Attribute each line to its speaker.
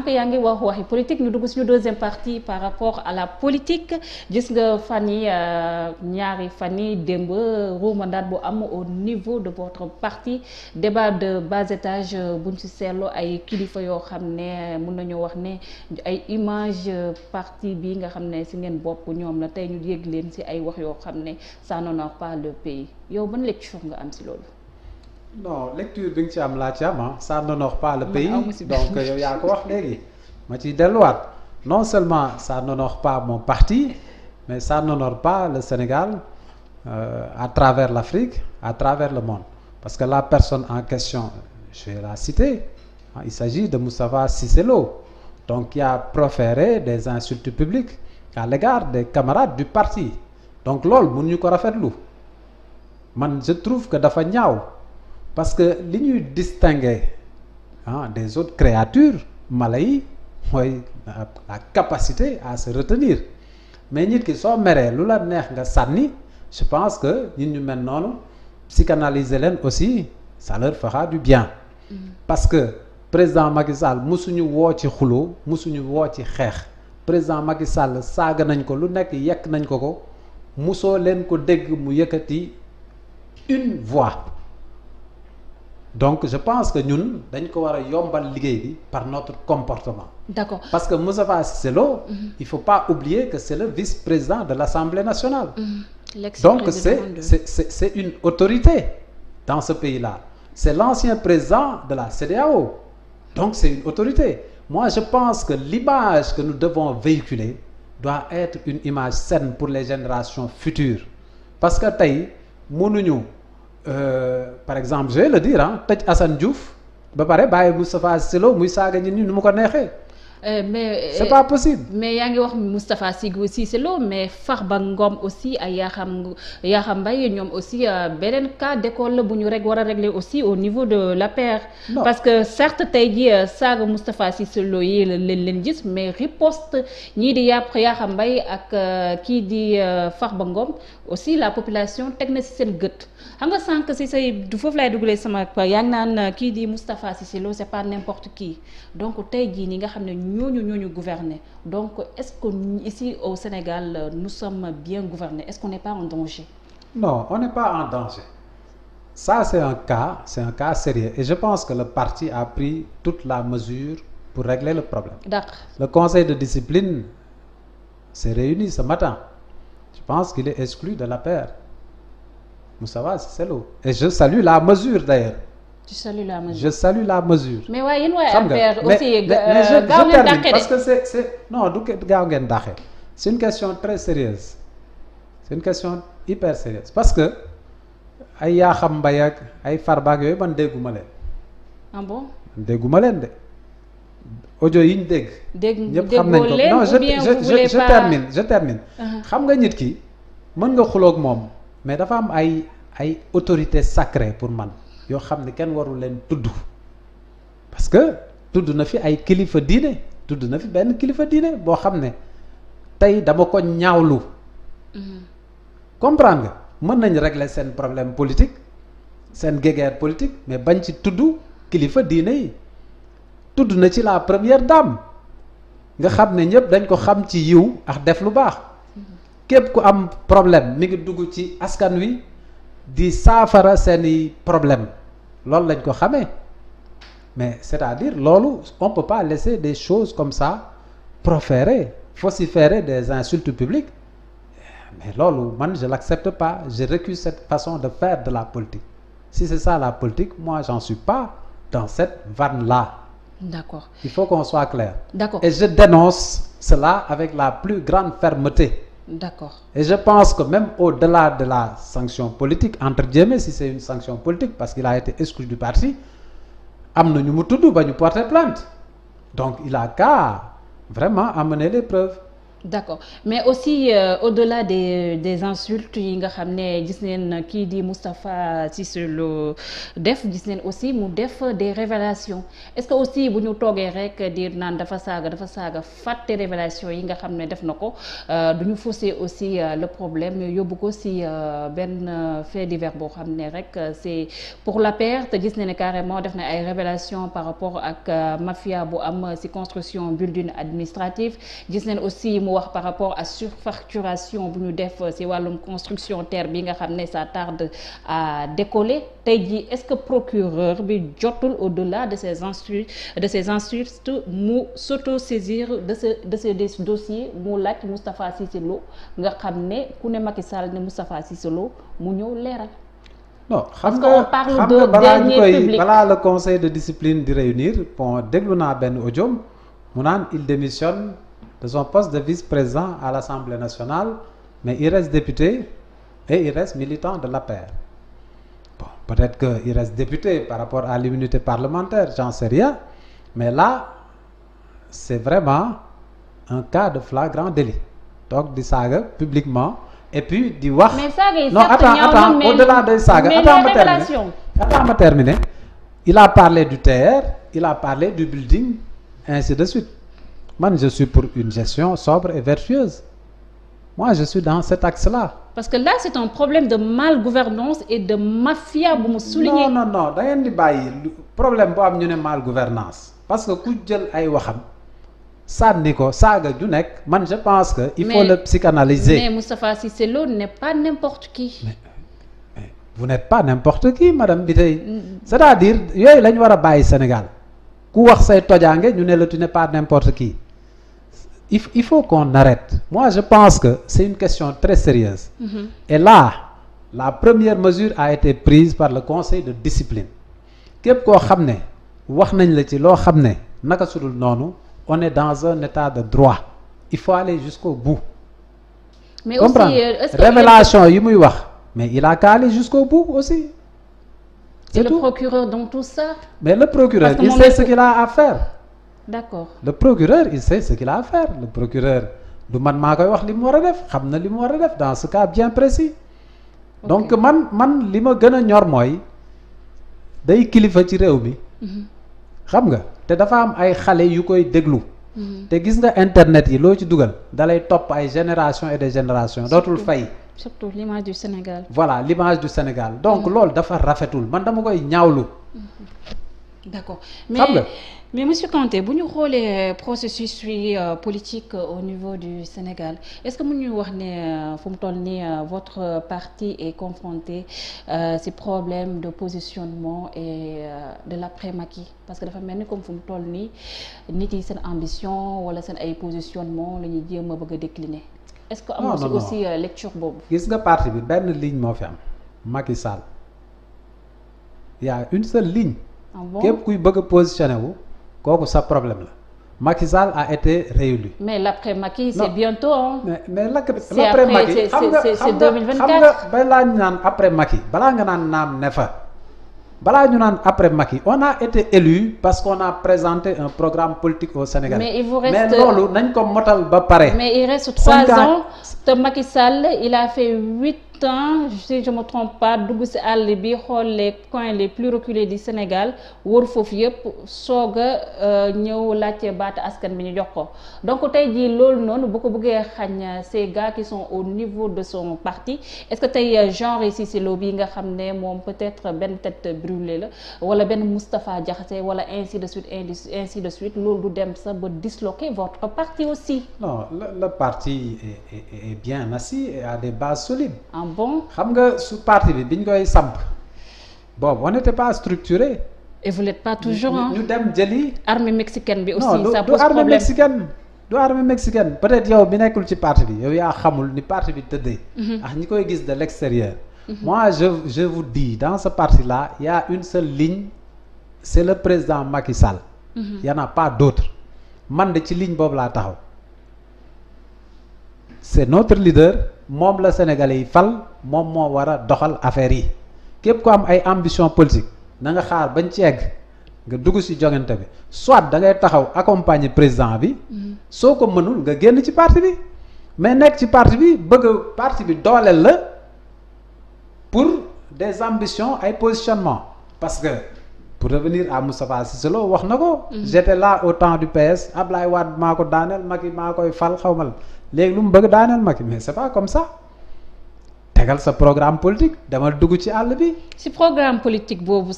Speaker 1: sànq yaa ngi wax waxi politique ñu dugg suñu deuxième partie par rapport à la politique gis nga fan yi euh, ñaari fan yi démb ruumandaat bu am au niveau de votre parti débat de bas étage euh, buñ ci seetlu ay kilifa yoo xam ne mun nañu wax ne ay image euh, parti bi nga xam ne si ngeen bopp ñoom la tey ñu yëg leen si ay wax yoo xam ne ça n'honore pas le pays yow ban lecture nga am si loolu
Speaker 2: non lecture bi nga ci am laa ci am ah ça n'honore pas le pays donc yow yaa ko wax léegi ma ciy delluwaat non seulement ça n'honore pas mon parti mais ça n'honore pas le Sénégal euh, à travers l'Afrique à travers le monde parce que la personne en question je vais la citer il s'agit de Moustapha Cissé Lo donc qui a des insultes publiques à l'égard des camarades du parti donc loolu mënuñu ko rafetlu man je trouve que dafa ñaaw parce que li ñuy distinguer ah des autres créatures mala yi mooy la capacité à se retenir mais nit ki soo meree lu la neex nga sànni je pense que nit ñu mel noonu psychanalyser leen aussi saleur leur fera du bien mm. parce que président Macky Sall musuñu woo ci xuloo musuñu woo ci xeex président Macky Sall saaga nañ ko lu nekk yekk nañ ko ko musoo leen ko dégg mu yëkkati une voix donc je pense que ñun dañu ko war a yombal liggéey bi par notre comportement. d'accord parce que Moustapha Cissé i il faut pas oublier que c'est le vice-président de l'Assemblée nationale.
Speaker 1: Mhm. donc c'est
Speaker 2: c'est c'est c'est une autorité dans ce pays-là. c'est l'ancien président de la CEDEAO donc c'est une autorité moi je pense que l'image que nous devons véhiculer doit être une image saine pour les générations futures parce que tey mënuñu. Euh, par exemple je vais le dire ah tëj Assane ba pare bàyyi Moustapha Cissé Lo muy saaga nit ñi nu mu ko neexee
Speaker 1: Euh, mais euh, mais yaa ngi wax Moustapha si Cissé Lo mais Farba Ngom aussi ay Yaxam Yaxam Mbaye ñoom aussi euh, beneen cas d'école la bu ñu rek war a régler aussi au niveau de la l'APR. parce que sart tey jii saaga Moustapha Cissé Lo yi leen leen gis mais riposte ñii di yàpp Yaxam Mbaye ak kii di fax ba Ngom aussi la population teg na si seen gët xam nga sànq si say du foofu laay dugalee sama yaa ngi naan kii di Moustapha Cissé Lo c'est pas n'importe qui donc tey jii ni nga xam ne. ñooñu ñooñu gouverner donc est-ce que ici au Sénégal nous sommes bien gouvernés est-ce qu'on n'est pas en danger
Speaker 2: non on n'est pas en danger ça c'est un cas sérieux et je pense que le parti a pris toute la mesure pour régler le problème d'accord le conseil de discipline s'est réuni ce matin je pense qu'il est exclu de la paire Moussawa Cissé Lo et je salue la mesure d'ailleurs
Speaker 1: tu salues la je
Speaker 2: salue la mesure. mais
Speaker 1: waaye yéen waa APR aussi gaaw ngeen dàqe parce que
Speaker 2: c'est c'est non du gaaw ngeen dàqe c'est une question très sérieuse c'est une question hyper sérieuse parce que ay yaaxam xam mbay ak ay farbaak yooyu man dégguma leen. ah dégguma leen de audio yi ñu dégg.
Speaker 1: dégg ñëpp xam nañ ko non je je termine
Speaker 2: je termine. Ah ah. xam nga nit ki mën nga xuloog moom mais dafa am ay ay autorité sacré pour man. yoo xam ne kenn warul leen tudd parce que tudd na fi ay kilifa diine tudd na fi benn kilifa diine boo xam ne tey dama ko ñaawlu mhm. comprendre mën nañ régler seen problème politique seen guéguerre politique mais bañ ci tudd kilifa diine yi tudd na ci la première dame nga xam ne ñëpp dañ ko xam ci yiw ax def lu baax mhm. képp ku am problème mi ngi dugg ci askan wi di saafara seeni problème loolu lañ ko xamee mais c'est-à-dire loolu on peut pas laisser des choses comme ça proférer vociférer des insultes publiques mais loolu man je l'accepte pas je récuse cette façon de faire de la politique si c'est ça la politique moi j'en suis pas dans cette vanne-là d'accord il faut qu'on soit clair
Speaker 1: d'accord et je dénonce
Speaker 2: cela avec la plus grande fermeté D'accord. Et je pense que même au-delà de la sanction politique, entre guillemets, si c'est une sanction politique, parce qu'il a été exclu du parti, am na ñu mu tudd ba ñu porter plainte. Donc il a qu'à vraiment amener les preuves.
Speaker 1: d'accord mais aussi euh, au-delà des des insultes yi nga xam ne gis neen kii di si Cissé Lo def gis neen aussi mu def des révélations est-ce que aussi bu ñu toogee rek di naan dafa saaga dafa saaga fàtte révélation yi nga xam ne def na ko euh, du ñu fausser aussi euh, le problème yóbbu ko si euh, benn fait divers boo xam ne rek c'est pour la perte gis neen carrément def na ay révélations par rapport ak mafia bu am si construction building administrative gis neen mu wax par rapport a surfacturation bu ñu def ci euh, wàllum construction terre bi nga xam ne ça tarde à décoller tey jii est-ce que procureur bi jotul au-delà de ces instru de ces insultes mu s'auto-saisir de ce de mu laaj Moustapha Cissé Lo nga xam ne ku ne Macky Sall ne Moustapha Cissé Lo mu ñëw leeral.
Speaker 2: non xam nga parce qu'on parle de dernier public conseil de discipline di réunir bon déglu naa benn audio mu naan il démissionne. de son poste de vice-président à l'Assemblée nationale, mais il reste député et il reste militant de l'APR. Bon, peut-être qu'il reste député par rapport à l'immunité parlementaire, j'en sais rien, mais là, c'est vraiment un cas de flagrant délit. Donc, di saga publiquement, et puis di wax. Mais ça,
Speaker 1: non, attends, attends, au-delà de saga, attends, me
Speaker 2: terminer. Attends, me Il a parlé du TR, il a parlé du building, ainsi de suite. man je suis pour une gestion sobre et vertueuse moi je suis dans cet
Speaker 1: axe-là. parce que là c'est un problème de malgouvernance et de mafia bu mu souligner. non non
Speaker 2: non da ngeen di bàyyi problème bo am ñu ne mal malgouvernance parce que ku jël ay waxam sànni ko saaga ju nekk man je pense que. il faut mais, le psychanalyser mais
Speaker 1: Moustapha Cissé Lo n'est pas n'importe qui. Mais,
Speaker 2: mais mm. c'est-à-dire yooyu la ñu war a bàyyi Sénégal ku wax say tojaange ñu ne la tu n'es pas il, il faut qu'on arrête. je pense que c'est une question très sérieuse. Mm Et là, la première mesure a été prise par le conseil de discipline. képp koo xam ne wax nañ la ci loo xam ne naka sudul noonu on est dans un état de droit il faut aller jusqu'au bout.
Speaker 1: mais Comprends? Euh, révélation
Speaker 2: yi muy wax mais il a qu'à aller jusqu'au bout aussi. le
Speaker 1: procureur dans tout ça.
Speaker 2: mais le procureur il sait ce qu'il a à d'accord le procureur il sait ce qu'il a à faire procureur du man maa koy wax li mu war a def xam na li mu war a def dans ce cas bien précis donc man man li ma gën a ñor mooy day kilifa ci réew mi mhm. xam nga te dafa am ay xale yu koy déglu
Speaker 1: mhm. te
Speaker 2: gis nga internet yi loo ci dugal dalay topp ay génération et des générations dootul fay
Speaker 1: surtout l'image du Sénégal
Speaker 2: voilà l'image du Sénégal donc mhm. loolu dafa rafetul man dama koy ñaawlu
Speaker 1: d'accord mais mais monsieur Kanté bu ñu xoolee euh, processus bi euh, politique au niveau du Sénégal est-ce que mu ñuy wax ne euh, fu mu toll nii votre parti et confronté euh, ces problèmes de positionnement et euh, de l'après yi parce que dafa mel ni comme fu mu toll nii nit yi seen ambition wala seen ay positionnement la ñuy jéem a bëgg a décliner. est-ce que am aussi lecture boobu.
Speaker 2: gis nga parti bi benn ligne moo fi am Macky Sall y a une seule ligne. Ah képp kuy bëgg a positionné wu kooku sa problème la Macky Sall a été réélu.
Speaker 1: mais l'après Macky c'est bientôt hein. mais mais l'après Macky xam nga xam nga
Speaker 2: balaa ñu naan après Macky balaa nga naan naam ne fa. balaa ñu naan après Macky on a été élu parce qu'on a présenté un programme politique au Sénégal. mais il vous reste loolu nañ ko motal ba pare. mais
Speaker 1: il reste trois ans te Macky il a fait huit. temps si je me trompe pas dugg si àll bi xool les coins les plus reculés di Sénégal war foofu yëpp soog a euh, ñëw laajte baata askan bi ñu jox ko donc tey jii loolu noonu bu ko bëggee xañ euh, ces gars qui au niveau de son parti est-ce que tey euh, genre ici si bii nga xam ne moom peut-être benn tête brûlée la wala benn Moustapha Diakhaté wala ainsi de suite ainsi de suite loolu du dem sa ba disloquer votre parti aussi.
Speaker 2: non le, le parti est, bien assis et des bases solides. bon xam nga su parti bi biñ koy samp boobu on n'était pas structuré.
Speaker 1: et vous ñu dem jëli. armée mexicaine bi aussi du armée mexicaine
Speaker 2: du armée mexicaine peut-être yow bi nekkul ci parti bi yow yaa xamul ni parti bi tëddee. Mhm. ak ñi koy gis de l'extérieur. Mm -hmm. moi je je vous dans ce parti la il une seule ligne c'est le président Macky Sall. Mm pas d'autre man de ci ligne boobu laa taxaw. c'est notre leader. moom la sénégalais yi fal moom moo war a doxal affaire yi képp ko am ay ambition politique na nga xaar bañ ci egg nga dugg ci joŋante bi soit da taxaw accompagner président bi mhm. soo ko mënul nga génn ci parti bi mais nekk ci parti bi bëgg parti bi dooleel la pour des ambitions ay positionnement parce que pour revenir à Moustapha Cissé Lo wax na ko. Mhm. j'étais là au temps du PS Ablaye Wade maa ko daaneel yi maa koy fal xawmal léegi lu mu bëgg daaneel Macky mais c'est pas comme ça.
Speaker 1: tegal sa programme politique dama dugg ci àll bi. ci programme politique boobu.